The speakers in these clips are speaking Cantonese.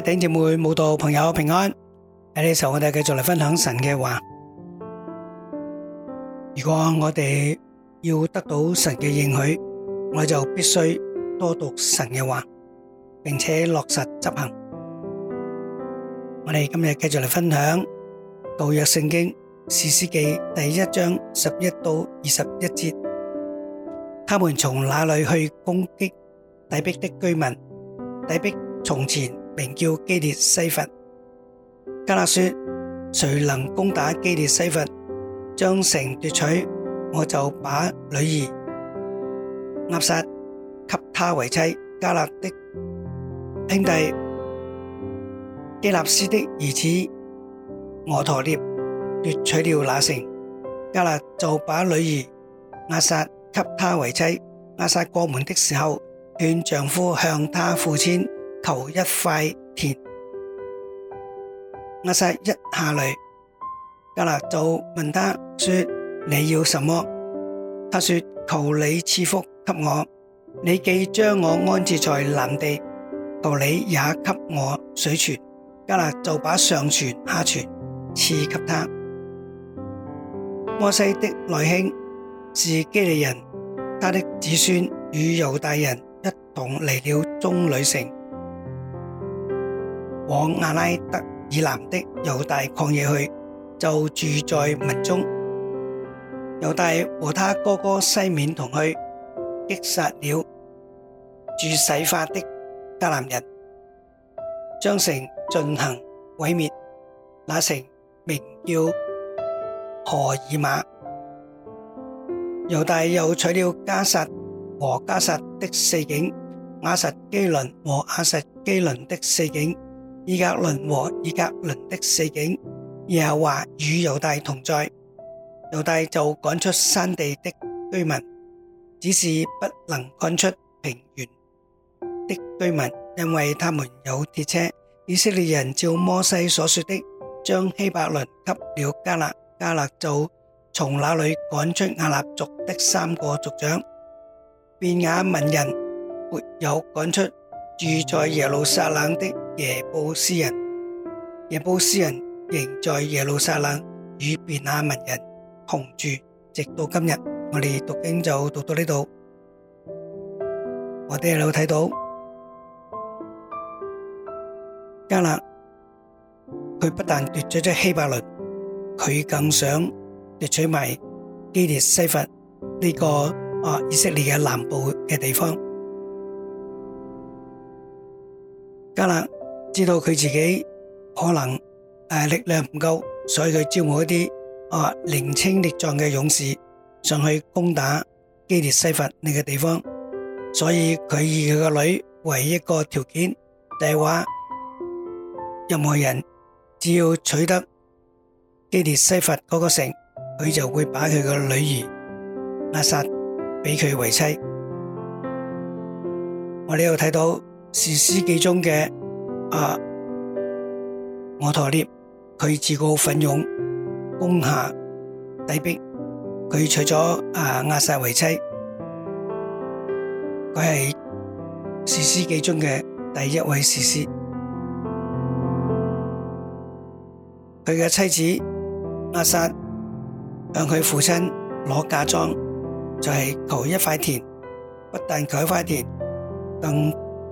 頂姊妹、慕道朋友平安。喺呢個時候，我哋繼續嚟分享神嘅話。如果我哋要得到神嘅應許，我就必須多讀神嘅話，並且落實執行。我哋今日繼續嚟分享《舊約聖經士師記》第一章十一到二十一節。他們從那裏去攻擊底璧的居民。底璧從前。名叫基列西弗。加勒說：誰能攻打基列西弗，將城奪取，我就把女兒押撒給他為妻。加勒的兄弟基納斯的兒子俄陀聶奪取了那城，加勒就把女兒押撒給他為妻。押撒過門的時候，勸丈夫向他父親。求一塊田，押撒一下驢。迦勒就問他說：你要什麼？他說：求你賜福給我。你既將我安置在南地，求你也給我水泉。迦勒就把上泉下泉賜給他。摩西的內兄是基利人，他的子孫與猶大人一同離了中旅城。往亞拉德以南的猶大曠野去，就住在民中。猶大和他哥哥西緬同去，擊殺了，住洗法的迦南人，將城進行毀滅，那城名叫，何珥瑪。猶大又取了迦薩和迦薩的四境，亞實基倫和亞實基倫的四境，以革倫和以革倫的四境，耶和華與猶大同在。猶大就趕出山地的居民，只是不能趕出平原的居民，因為他們有鐵車。以色列人照摩西所說的，將希伯倫給了迦勒，迦勒就從那裏趕出亞衲族的三個族長。便雅憫人沒有趕出住在耶路撒冷的耶布斯人。耶布斯人，迦勒知道佢自己可能誒力量唔夠，所以佢招募一啲啊年輕力壯嘅勇士上去攻打基列西弗呢個地方。所以佢以佢個女為一個條件，就係話任何人只要取得基列西弗嗰個城，佢就會把佢個女兒押撒俾佢為妻。我呢度睇到。士師記中的啊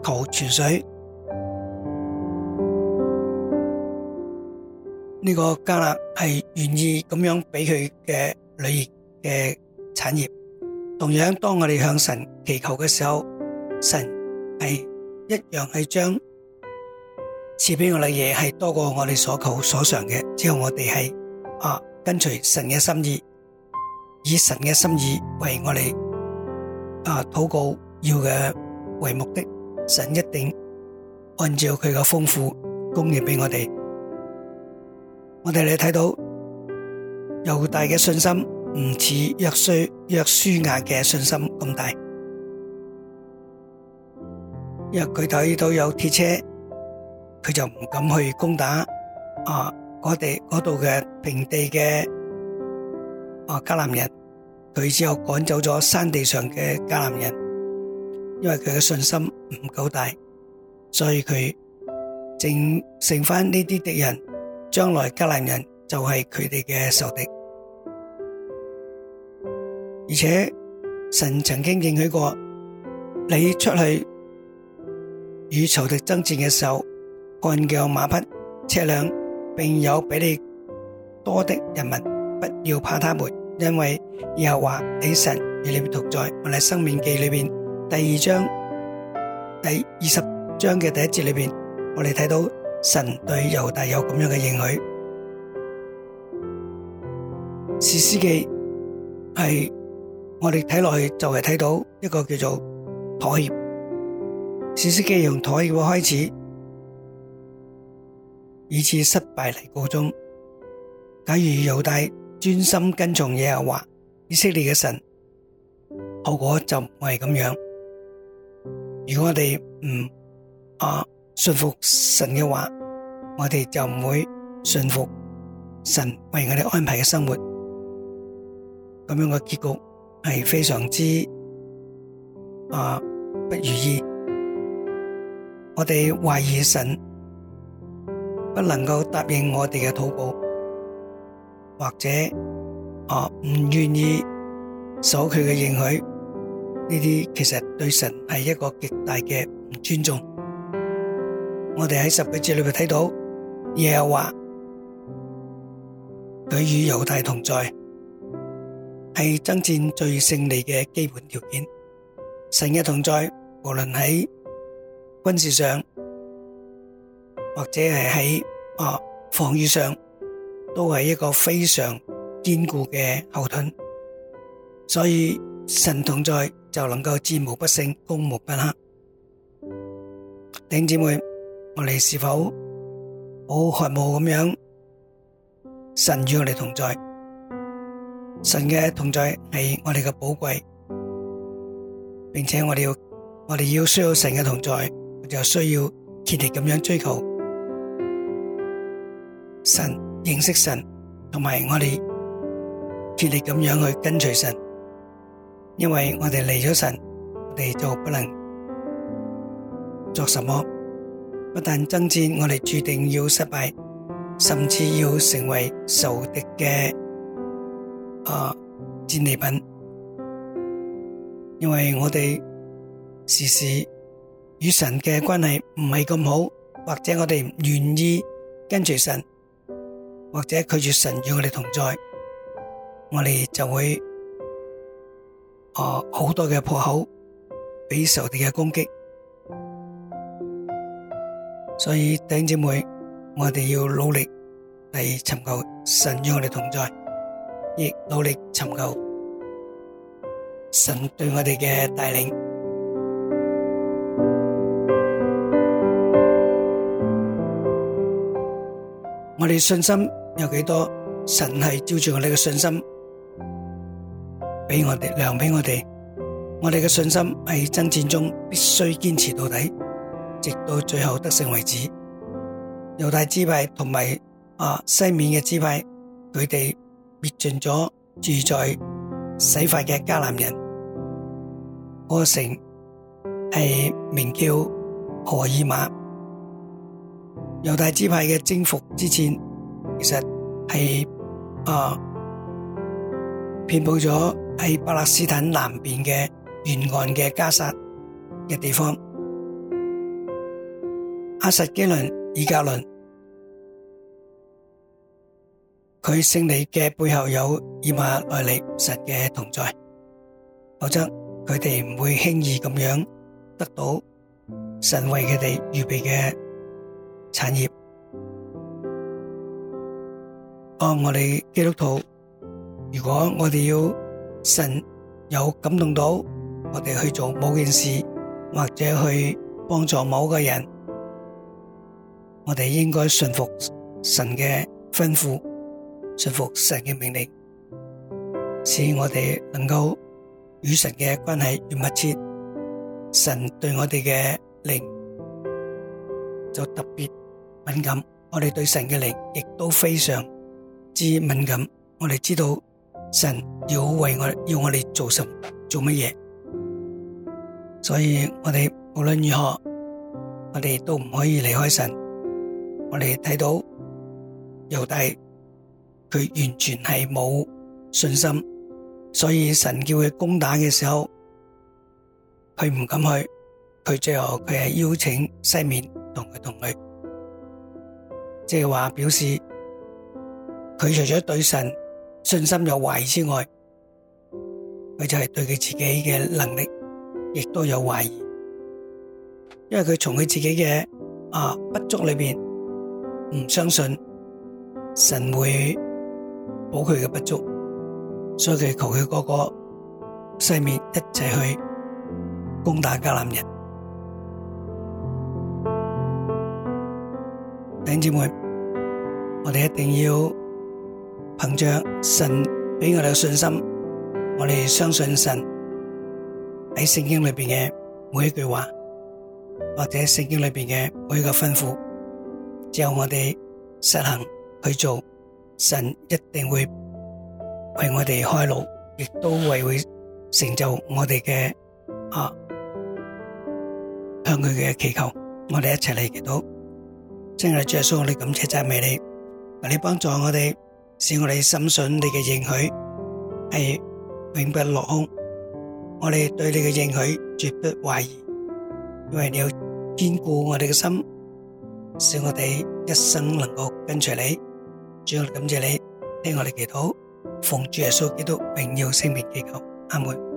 求泉水，呢個迦勒係願意咁樣俾佢嘅女兒嘅產業。同樣，當我哋向神祈求嘅時候，神係一樣係將賜俾我哋嘢係多過我哋所求所想嘅。只要我哋係啊跟隨神嘅心意，以神嘅心意為我哋啊禱告要嘅為目的。神一定按照佢嘅豐富供應俾我哋，我哋嚟睇到猶大嘅信心，唔似約書約書亞嘅信心咁大。因為佢睇到有鐵車，佢就唔敢去攻打啊！我哋嗰度嘅平地嘅啊迦南人，佢之後趕走咗山地上嘅迦南人。因為佢嘅信心唔夠大，所以佢淨剩返呢啲敵人，將來迦南人就係佢哋嘅仇敵。而且神曾經應許過，你出去與仇敵征戰嘅時候，按腳馬匹、車輛，並有比你多的人民，不要怕他們，因為耶和華你神與你同在。我哋申命記裏邊第二章第二十章嘅第一節裏邊，我哋睇到神對猶大有咁樣嘅應許。士師記，係我哋睇落去就係睇到一個叫做妥協。士師記用妥協嘅開始，以致失敗嚟告終假如猶大專心跟從耶和華以色列嘅神，後果就唔會係咁樣。如果我哋唔啊信服神嘅話，我哋就唔會信服神為我哋安排嘅生活，咁樣嘅結局係非常之啊不如意。我哋懷疑神不能夠答應我哋嘅禱告，或者啊唔願意守佢嘅認許。呢啲其實對神係一個極大嘅唔尊重。我哋喺十幾節裏邊睇到耶和華佢與猶太同在，係爭戰最勝利嘅基本條件。神嘅同在，無論喺軍事上或者係喺啊防禦上，都係一個非常堅固嘅後盾。所以神同在。能夠因為我哋離咗神，我哋就不能作什麼。不但爭戰，我哋注定要失敗，甚至要成為仇敵嘅啊戰利品。因為我哋時時與神嘅關係唔係咁好，或者我哋唔願意跟隨神，或者拒絕神與我哋同在，我哋就會。啊！好多嘅破口俾仇敵嘅攻擊，所以弟兄姊妹，我哋要努力嚟尋求神與我哋同在，亦努力尋求神對我哋嘅帶領。我哋信心有幾多？神係照住我哋嘅信心。俾我哋量俾我哋，我哋嘅信心喺爭戰中必須堅持到底，直到最後得勝為止。猶大支派同埋啊西面嘅支派，佢哋滅盡咗住在洗法嘅迦南人。嗰城係名叫何珥瑪。猶大支派嘅征服之戰，其實係啊遍布咗。喺巴勒斯坦南邊嘅沿岸嘅加沙嘅地方，阿實基倫、以加倫，佢勝利嘅背後有以馬內利神嘅同在，否則佢哋唔會輕易咁樣得到神為佢哋預備嘅產業。按我哋基督徒，如果我哋要，神有感動到我哋去做某件事，或者去幫助某個人，我哋應該順服神嘅吩咐，順服神嘅命令，使我哋能夠與神嘅關係越密切。神對我哋嘅靈就特別敏感，我哋對神嘅靈亦都非常之敏感，我哋知道。神要為我，要我哋做什做乜嘢？所以我哋無論如何，我哋都唔可以離開神。我哋睇到猶大佢完全係冇信心，所以神叫佢攻打嘅時候，佢唔敢去。佢最後佢係邀請西面同佢同去，即係話表示佢除咗對神。信心有懷疑之外，佢就係對佢自己嘅能力亦都有懷疑，因為佢從佢自己嘅啊不足裏邊唔相信神會補佢嘅不足，所以佢求佢哥哥西面一齊去攻打迦南人。弟兄姊妹，我哋一定要。憑着神俾我哋嘅信心，我哋相信神喺聖經裏邊嘅每一句話，或者聖經裏邊嘅每一個吩咐，只要我哋實行去做，神一定會為我哋開路，亦都為會成就我哋嘅啊向佢嘅祈求。我哋一齊嚟祈禱，真係主耶穌，我哋感謝讚美你，為你幫助我哋。使我哋深信你嘅應許係永不落空，我哋對你嘅應許絕不懷疑，因為你要堅固我哋嘅心，使我哋一生能夠跟隨你。主要感謝你聽我哋祈禱，奉主耶穌基督榮耀聖名祈求，阿門。